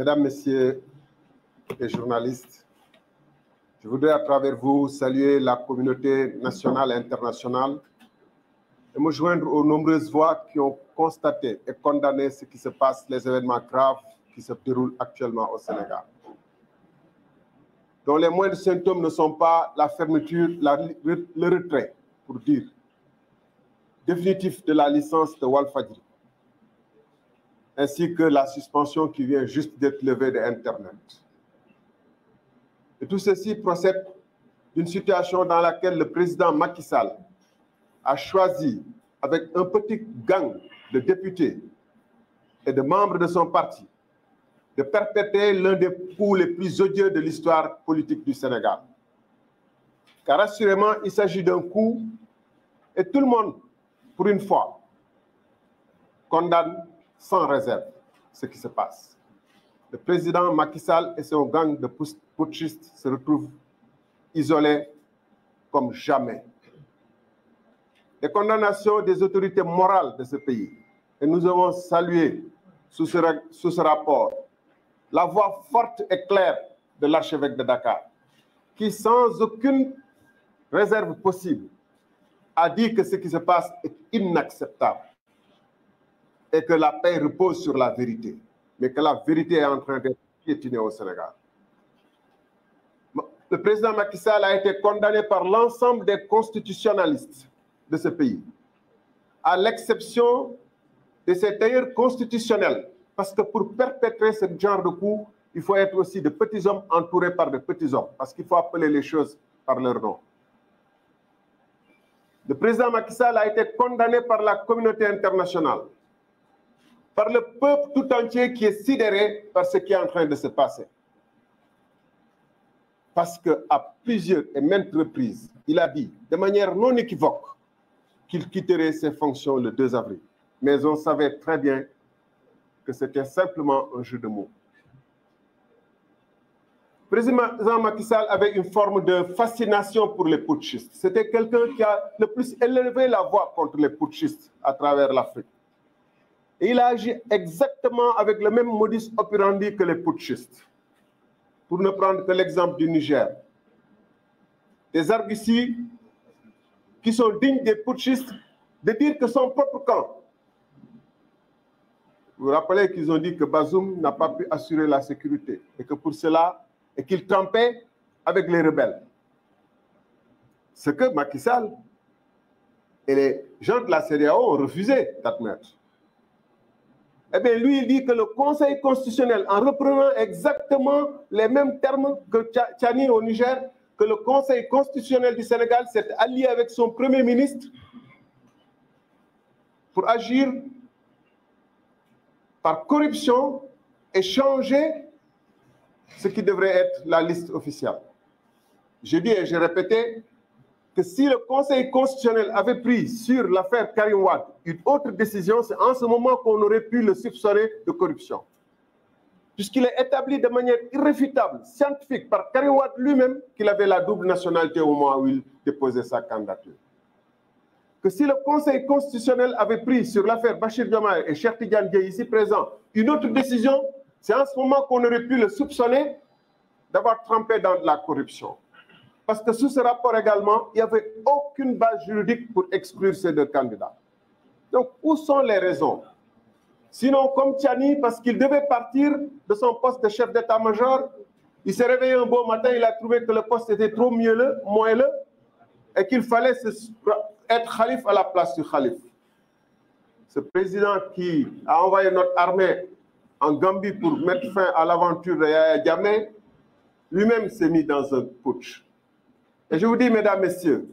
Mesdames, Messieurs les journalistes, je voudrais à travers vous saluer la communauté nationale et internationale et me joindre aux nombreuses voix qui ont constaté et condamné ce qui se passe, les événements graves qui se déroulent actuellement au Sénégal, dont les moindres symptômes ne sont pas la fermeture, la, le retrait, pour dire, définitif de la licence de Walfadri ainsi que la suspension qui vient juste d'être levée de Internet. Et tout ceci procède d'une situation dans laquelle le président Macky Sall a choisi, avec un petit gang de députés et de membre de son parti, de perpétrer l'un des coups les plus odieux de l'histoire politique du Sénégal. Car assurément, il s'agit d'un coup et tout le monde, pour une fois, condamne sans réserve ce qui se passe. Le président Macky Sall et son gang de putschistes se retrouvent isolés comme jamais. Les condamnations des autorités morales de ce pays, et nous avons salué sous ce rapport la voix forte et claire de l'archevêque de Dakar, qui sans aucune réserve possible a dit que ce qui se passe est inacceptable et que la paix repose sur la vérité, mais que la vérité est en train d'être piétinée au Sénégal. Le président Macky Sall a été condamné par l'ensemble des constitutionnalistes de ce pays, à l'exception de ses tailleurs constitutionnels, parce que pour perpétrer ce genre de coup, il faut être aussi de petits hommes entourés par de petits hommes, parce qu'il faut appeler les choses par leur nom. Le président Macky Sall a été condamné par la communauté internationale par le peuple tout entier qui est sidéré par ce qui est en train de se passer. Parce qu'à plusieurs et maintes reprises, il a dit de manière non équivoque qu'il quitterait ses fonctions le 2 avril. Mais on savait très bien que c'était simplement un jeu de mots. Président Macky Sall avait une forme de fascination pour les putschistes. C'était quelqu'un qui a le plus élevé la voix contre les putschistes à travers l'Afrique. Et il a agi exactement avec le même modus operandi que les putschistes. Pour ne prendre que l'exemple du Niger. Des ici qui sont dignes des putschistes de dire que son propre camp. Vous rappelez qu'ils ont dit que Bazoum n'a pas pu assurer la sécurité et que pour cela, et qu'il trempait avec les rebelles. Ce que Macky Sall et les gens de la CDAO ont refusé d'admettre. eh bien, lui, il dit que le Conseil constitutionnel, en reprenant exactement les mêmes termes que Tchani au Niger, que le Conseil constitutionnel du Sénégal s'est allié avec son Premier ministre pour agir par corruption et changer ce qui devrait être la liste officielle. Je dis et j'ai répété, que si le Conseil constitutionnel avait pris sur l'affaire Karim Wade une autre décision, c'est en ce moment qu'on aurait pu le soupçonner de corruption. Puisqu'il est établi de manière irréfutable, scientifique, par Karim Wade lui-même, qu'il avait la double nationalité au moment où il déposait sa candidature. Que si le Conseil constitutionnel avait pris sur l'affaire Bachir Diomaye et Cheikh Tidiane ici présents une autre décision, c'est en ce moment qu'on aurait dans de la Parce que sous ce rapport également, il n'y avait aucune base juridique pour exclure ces deux candidats. Donc, où sont les raisons Sinon, comme Tiani, parce qu'il devait partir de son poste de chef d'état-major, il s'est réveillé un beau matin, il a trouvé que le poste était trop mielleux, moelleux, et qu'il fallait être calife à la place du calife. Ce président qui a envoyé notre armée en Gambie pour mettre fin à l'aventure de Yahya Djamé, lui-même s'est mis dans un putsch. Et je vous dis, mesdames, messieurs,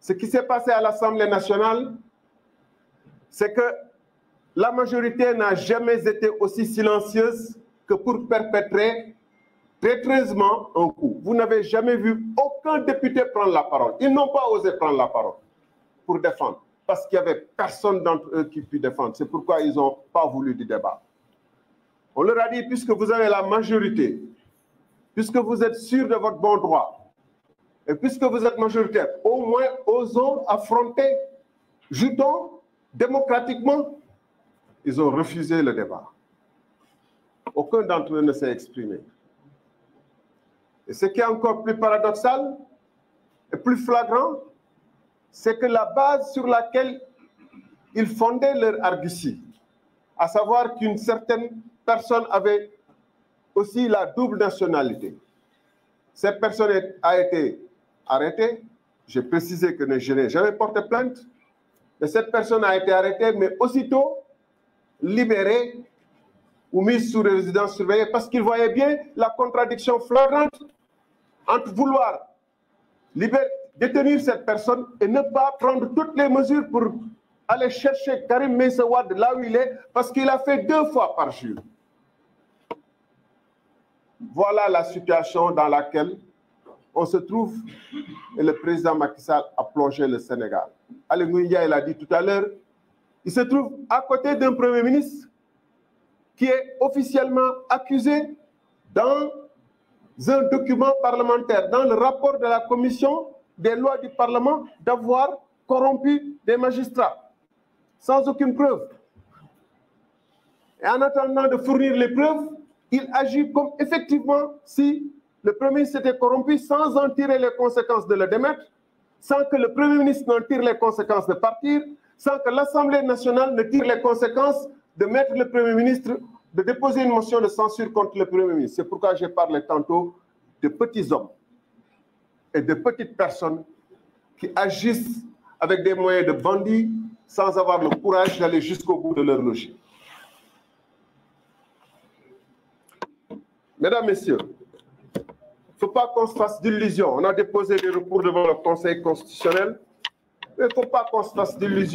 ce qui s'est passé à l'Assemblée nationale, c'est que la majorité n'a jamais été aussi silencieuse que pour perpétrer traîtreusement un coup. Vous n'avez jamais vu aucun député prendre la parole. Ils n'ont pas osé prendre la parole pour défendre, parce qu'il n'y avait personne d'entre eux qui put défendre. C'est pourquoi ils n'ont pas voulu du débat. On leur a dit, puisque vous avez la majorité, puisque vous êtes sûr de votre bon Et puisque vous êtes majoritaire, au moins osons affronter, jutons démocratiquement. Ils ont refusé le débat. Aucun d'entre eux ne s'est exprimé. Et ce qui est encore plus paradoxal et plus flagrant, c'est que la base sur laquelle ils fondaient leur argutie, à savoir qu'une certaine personne avait aussi la double nationalité, cette personne a été arrêté. J'ai précisé que je n'ai jamais porté plainte. Mais cette personne a été arrêtée, mais aussitôt libérée ou mise sous résidence surveillée parce qu'il voyait bien la contradiction flagrante entre vouloir libérer, détenir cette personne et ne pas prendre toutes les mesures pour aller chercher Karim Meissawad là où il est parce qu'il a fait deux fois par jour. Voilà la situation dans laquelle on se trouve, et le président Macky Sall a plongé le Sénégal. Alain Ndiaye l'a dit tout à l'heure, il se trouve à côté d'un Premier ministre qui est officiellement accusé dans un document parlementaire, dans le rapport de la commission des lois du Parlement, d'avoir corrompu des magistrats, sans aucune preuve. Et en attendant de fournir les preuves, il agit comme effectivement si le Premier ministre s'était corrompu sans en tirer les conséquences de le démettre, sans que le Premier ministre n'en tire les conséquences de partir, sans que l'Assemblée nationale ne tire les conséquences de mettre le Premier ministre, de déposer une motion de censure contre le Premier ministre. C'est pourquoi j'ai parlé tantôt de petits hommes et de petites personnes qui agissent avec des moyens de bandits sans avoir le courage d'aller jusqu'au de leur logique. faut pas On a déposé des recours devant le Conseil constitutionnel, mais il faut pas qu'on se fasse Quelle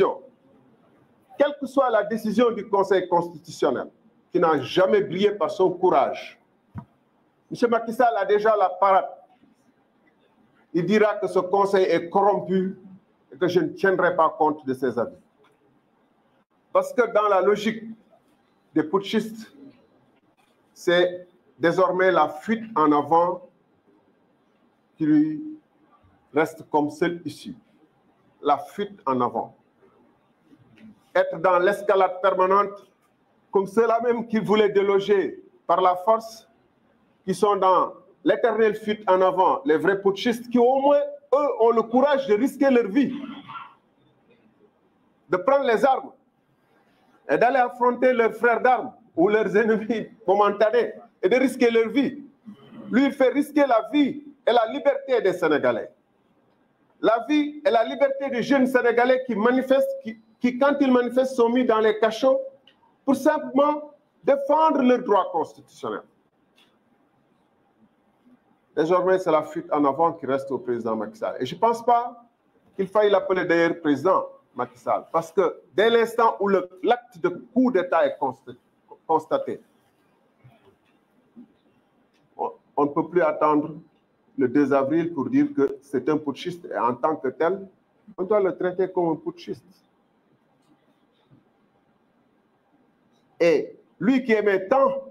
que soit la décision du Conseil constitutionnel, qui n'a jamais brillé par son courage, M. Macky a déjà la parade. Il dira que ce Conseil est corrompu et que je ne tiendrai pas compte de ses avis. Parce que dans la logique des putschistes, c'est désormais la fuite en avant qui lui reste comme seule issue, la fuite en avant. Être dans l'escalade permanente, comme ceux-là même qui voulaient déloger par la force, qui sont dans l'éternelle fuite en avant, les vrais putschistes qui au moins, eux, ont le courage de risquer leur vie, de prendre les armes et d'aller affronter leurs frères d'armes ou leurs ennemis momentanés et de risquer leur vie. Lui, il fait risquer la vie et la liberté des Sénégalais. La vie et la liberté des jeunes Sénégalais qui manifestent, qui, qui quand ils manifestent sont mis dans les cachots pour simplement défendre leurs droits constitutionnels. Désormais, c'est la fuite en avant qui reste au président Macky Sall. Et je ne pense pas qu'il faille l'appeler d'ailleurs président Macky Sall, parce que dès l'instant où l'acte de coup d'État est constaté, on ne peut plus attendre le 2 avril pour dire que c'est un putschiste en tant que tel, on doit le traiter comme un putschiste. Et lui qui aimait tant,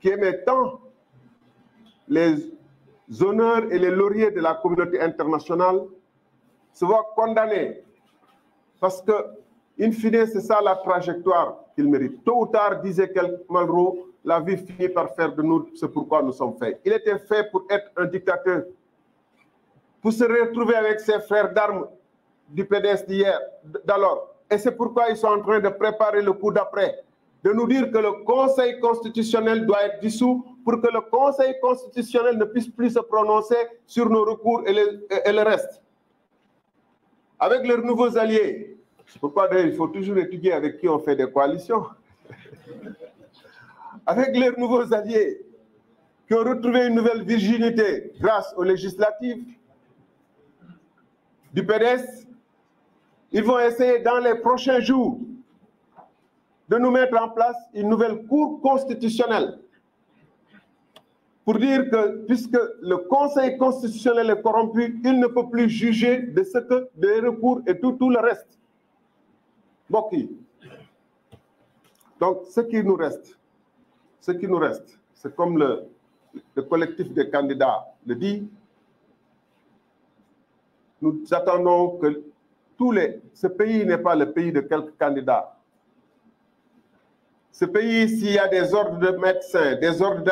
qui aimait tant les honneurs et les lauriers de la communauté internationale, se voit condamné. Parce que, in fine, c'est ça la trajectoire qu'il mérite. Tôt ou tard, disait Malraux, la vie finit par faire de nous ce pourquoi nous sommes faits. Il était fait pour être un dictateur, pour se retrouver avec ses frères d'armes du PDS d'hier, d'alors. Et c'est pourquoi ils sont en train de préparer le coup d'après, de nous dire que le Conseil constitutionnel doit être dissous pour que le Conseil constitutionnel ne puisse plus se prononcer sur nos recours et le, et le reste. Avec leurs nouveaux alliés, c'est pourquoi il faut toujours étudier avec qui on fait des avec leurs nouveaux alliés, qui ont retrouvé une nouvelle virginité grâce aux législatives du PDS, ils vont essayer dans les prochains jours de nous mettre en place une nouvelle cour constitutionnelle pour dire que puisque le Conseil constitutionnel est corrompu, il ne peut plus juger de ce que des recours et tout, tout le reste. Bokki. Donc, ce qui nous reste, Ce qui nous reste, c'est comme le, le collectif des candidats le dit, nous attendons que les... Ce pays n'est pas le pays de quelques candidats. Ce pays, s'il y a des ordres de médecins, des ordres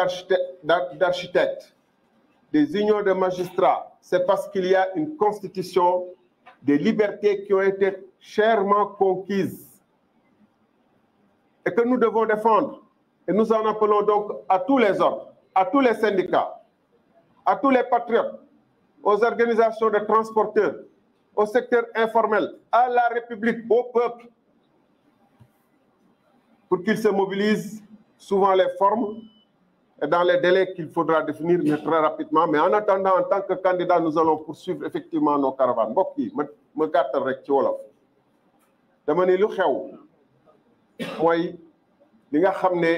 d'architectes, des unions de magistrats, c'est parce qu'il y a une constitution des libertés qui ont été chèrement conquises et que nous devons défendre. Et nous en appelons donc à tous les hommes, à tous les syndicats, à tous les patriotes, aux organisations de transporteurs, au secteur informel, à la République, au peuple, pour qu'ils se mobilisent souvent les formes et dans les délais qu'il faudra définir, mais très rapidement. Mais en attendant, en tant que candidat, nous allons poursuivre effectivement nos caravanes. mbokk ma ma gàttal rek ci wolof dama ne lu xew mooy nga xam ne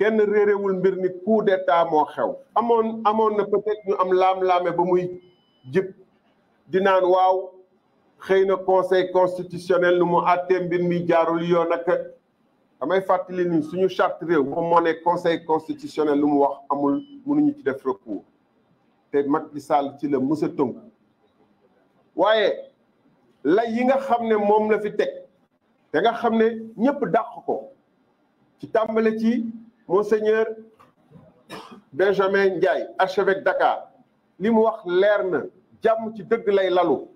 kenn réerewul mbir ni coup d'état moo xew amoon amoon na peut ñu am laam-laame ba muy jib di naan waaw xëy na conseil constitutionnel nu mu àttee mbir mi jaarul yoon ak damay fàttali ni suñu charte réew moom moo ne conseil constitutionnel lu mu wax amul mënuñu ci def recours te Macky Sall ci la mës a waaye la yi nga xam ne moom la fi teg te nga xam ne ñëpp dàq ko ci tàmbale ci Monseigneur Benjamin Ndiaye archevêque Dakar li mu wax leer na jàmm ci dëgg lay lalu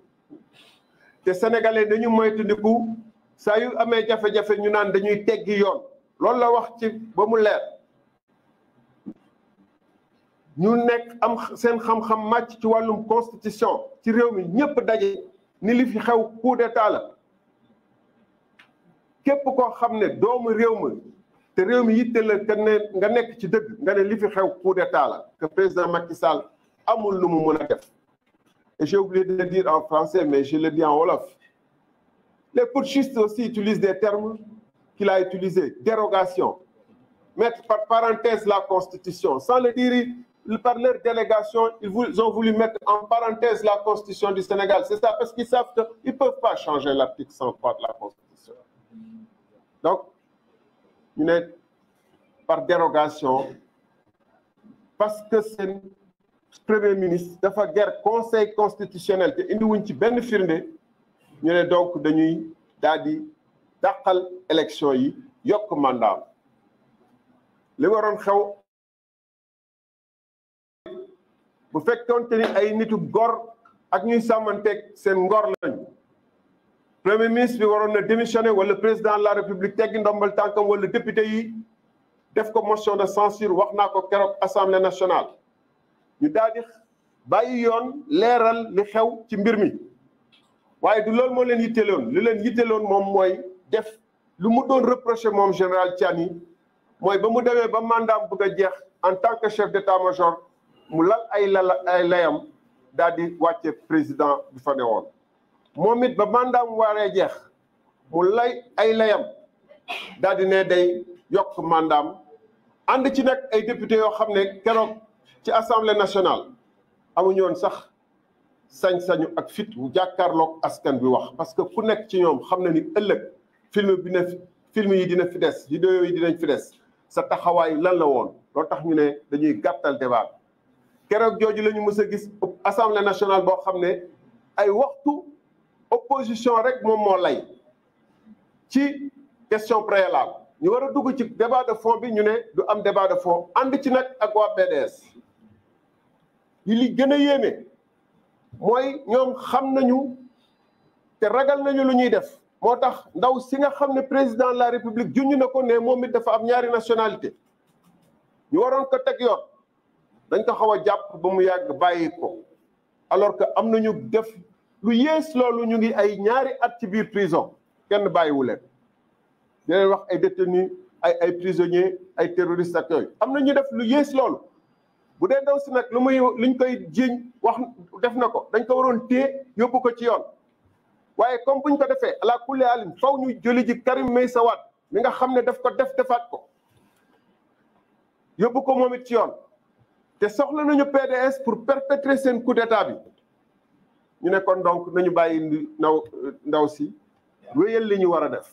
te sénégalais dañu moytandiku saa yu amee jafe-jafe ñu naan dañuy teggi yoon loolu la wax ci ba mu leer ñu nekk am seen xam-xam màcc ci wàllum constitution ci réew mi ñëpp daje ni li fi xew coup d'état képp koo xam ne doomu réew mi te réew mi yitte la que ne nga nekk ci dëgg nga ne li fi xew coup d'état la que président Macky Sall amul lu mu mën a def et j'ai oublié de le dire en français mais je le dis en wolof les putschistes aussi utilisent des termes qu'il a utilisés dérogation mettre par parenthèse la constitution sans le dire par leur délégation ils ont voulu mettre en parenthèse la constitution du Sénégal c'est ça parce qu'ils savent qu'ils peuvent pas changer l'article 103 de ñu ne par dérogation parce que seen premier ministre dafa ger conseil constitutionnel te indiwuñ ci benn firnde ñu ne donc dañuy daal di dàqal élection yi yokk mandat li waroon xew bu fekkoonte ni ay nitu gor ak ñuy sàmmanteeg seen ngor lañu premier ministre bi waroon na démissionner wala président de la république teggi ndombal tànkam wala député yi def ko motion de censure wax naa ko keroog assemblée nationale ñu daal di bàyyi yoon leeral li xew ci mbir mi waaye du loolu moo leen yitteloon li leen yitteloon moom mooy def lu mu doon reproché moom général Tiani mooy ba mu demee ba mandaam bëgg a jeex en tant que chef d'état-major mu lal ay lala ay layam daal di wàcce président bi fa woon moom it ba mandaam waaree jeex mu lay ay layam daal di ne day yokk mandaam ànd ci nag ay député yoo xam ne keroog ci assemblée nationale amuñu woon sax sañ-sañu ak fit wu jàkkaarloog askan bi wax parce que ku nekk ci ñoom xam na ni ëllëg film bi ne film yi dina fi des vidéo yi dinañ fi des sa taxawaay lan la woon loo tax ñu ne dañuy gàttal débat keroog jooju lañu ñu mës a gis assemblée nationale boo xam ne ay waxtu opposition rek moom moo lay ci question préalable ñu war a dugg ci débat de fond bi ñu ne du am débat de fond ànd ci nag ak waa PDS li li gën a yéeme mooy ñoom xam nañu te ragal nañu lu ñuy def moo tax ndaw si nga xam ne président la république junj na ko ne moom it dafa am ñaari nationalité ñu waroon ko teg yoon dañ ko xaw a jàpp ba mu yàgg bàyyi ko alors que am nañu def lu yées loolu ñu ngi ay ñaari at ci biir prison kenn bàyyiwu leen di leen wax ay détenus ay ay prisonniers ay terroristes ak yooyu am na ñu def lu yées loolu bu dee daw si nag lu muy liñ koy jiiñ wax def na ko dañ ko waroon téye yóbbu ko ci yoon waaye comme buñ ko defee ala kulli alim faw ñu jëli ji Karim Meïssa sawaat mi nga xam ne def ko def defaat ko yóbbu ko moom it ci yoon te soxla nañu PDS pour perpétrer seen coup d'état bi ñu ne kon donc nañu bàyyi ndaw ndaw si wéyal li ñu war a def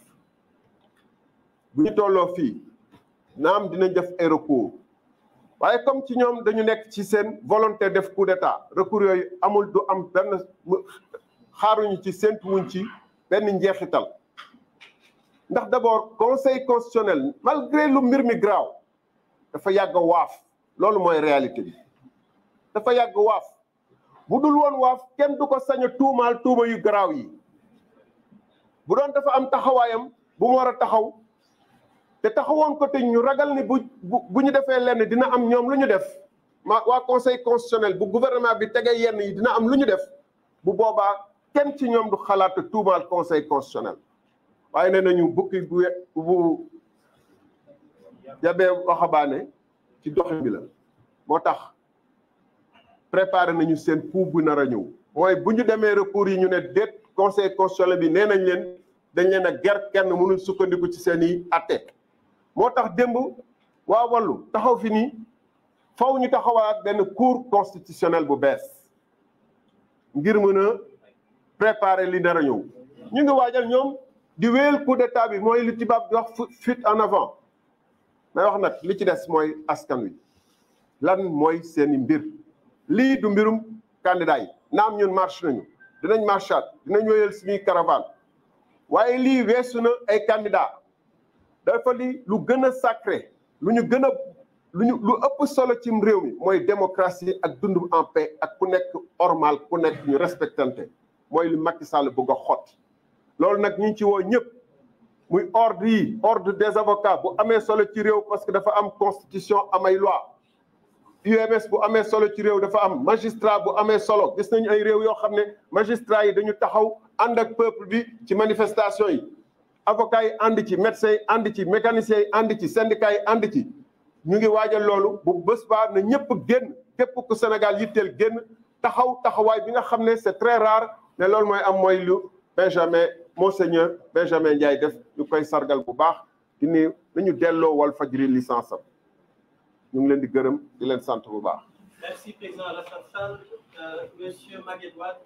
bu ñu tolloo fii naam dinañ def ay waaye comme ci ñoom dañu nekk ci seen volonté def coup d'état recours yooyu amul du am benn xaaruñu ci séntuwuñ ci benn njeexital ndax d'abord conseil constitutionnel malgré lu mbir mi graaw dafa yàgg waaf loolu mooy réalité bi dafa yàgg waaf bu dul woon waaf kenn du ko sañ a tuumaal tuuma yu garaaw yi bu doon dafa am taxawaayam bu mu war a taxaw te taxawoon ko te ñu ragal ni bu bu ñu defee lenn dina am ñoom lu ñu def ma waa conseil constitutionnel bu gouvernement bi tegee yenn yi dina am lu ñu def bu boobaa kenn ci ñoom du xalaat tuumaal conseil constitutionnel waaye nee nañu bukki bu bu yabee waxabaane ci doxin bi la moo tax préparer nañu seen coup bu nar a ñëw mooy bu ñu demee recours yi ñu ne déet conseil constitutionnel bi nee nañ leen dañ leen a ger kenn mënul sukkandiku ci seen i atte moo tax démb waa wallu taxaw fi nii faw ñu taxawaat benn cour constitutionnel bu bees ngir mën a préparer li nar a ñëw ñu ngi waajal ñoom di wéyal coup d'état bi mooy li tubaab di wax fuite en avant may wax nag li ci des mooy askan wi lan mooy seeni mbir lii du mbirum candidat naam ñun marche nañu dinañ marchaat dinañ wéyal suñuy caravane waaye lii weesu na ay candidat dafa li lu gën a sacré lu ñu gën a lu ñu lu ëpp solo cim réew mi mooy démocratie ak dund en paix ak ku nekk normal ku nekk ñu respectante mooy li Macky Sall bëgg a xott loolu nag ñu ci woo ñëpp muy ordre yi ordre des avocats bu amee solo ci réew parce que dafa am constitution amay loi UMS bu amee solo ci réew dafa am magistrat bu amee solo gis nañu ay réew yoo xam ne magistrat yi dañu taxaw ànd ak peuple bi ci manifestation yi avocat yi ànd ci médecin yi ànd ci mécanicien yi ànd ci syndicat yi ànd ci ñu ngi waajal loolu bu bés baa na ñëpp génn képp ku Sénégal yitteel génn taxaw taxawaay bi nga xam ne c'est très rare ne loolu mooy am mooy lu Benjamin Monseigneur Benjamin Ndiaye def ñu koy sargal bu baax di ni nañu delloo Walfadjri licence am ñu ngi leen di gërëm di leen sant bu baax. merci président Alassane Sall, euh, monsieur Maguette Wade.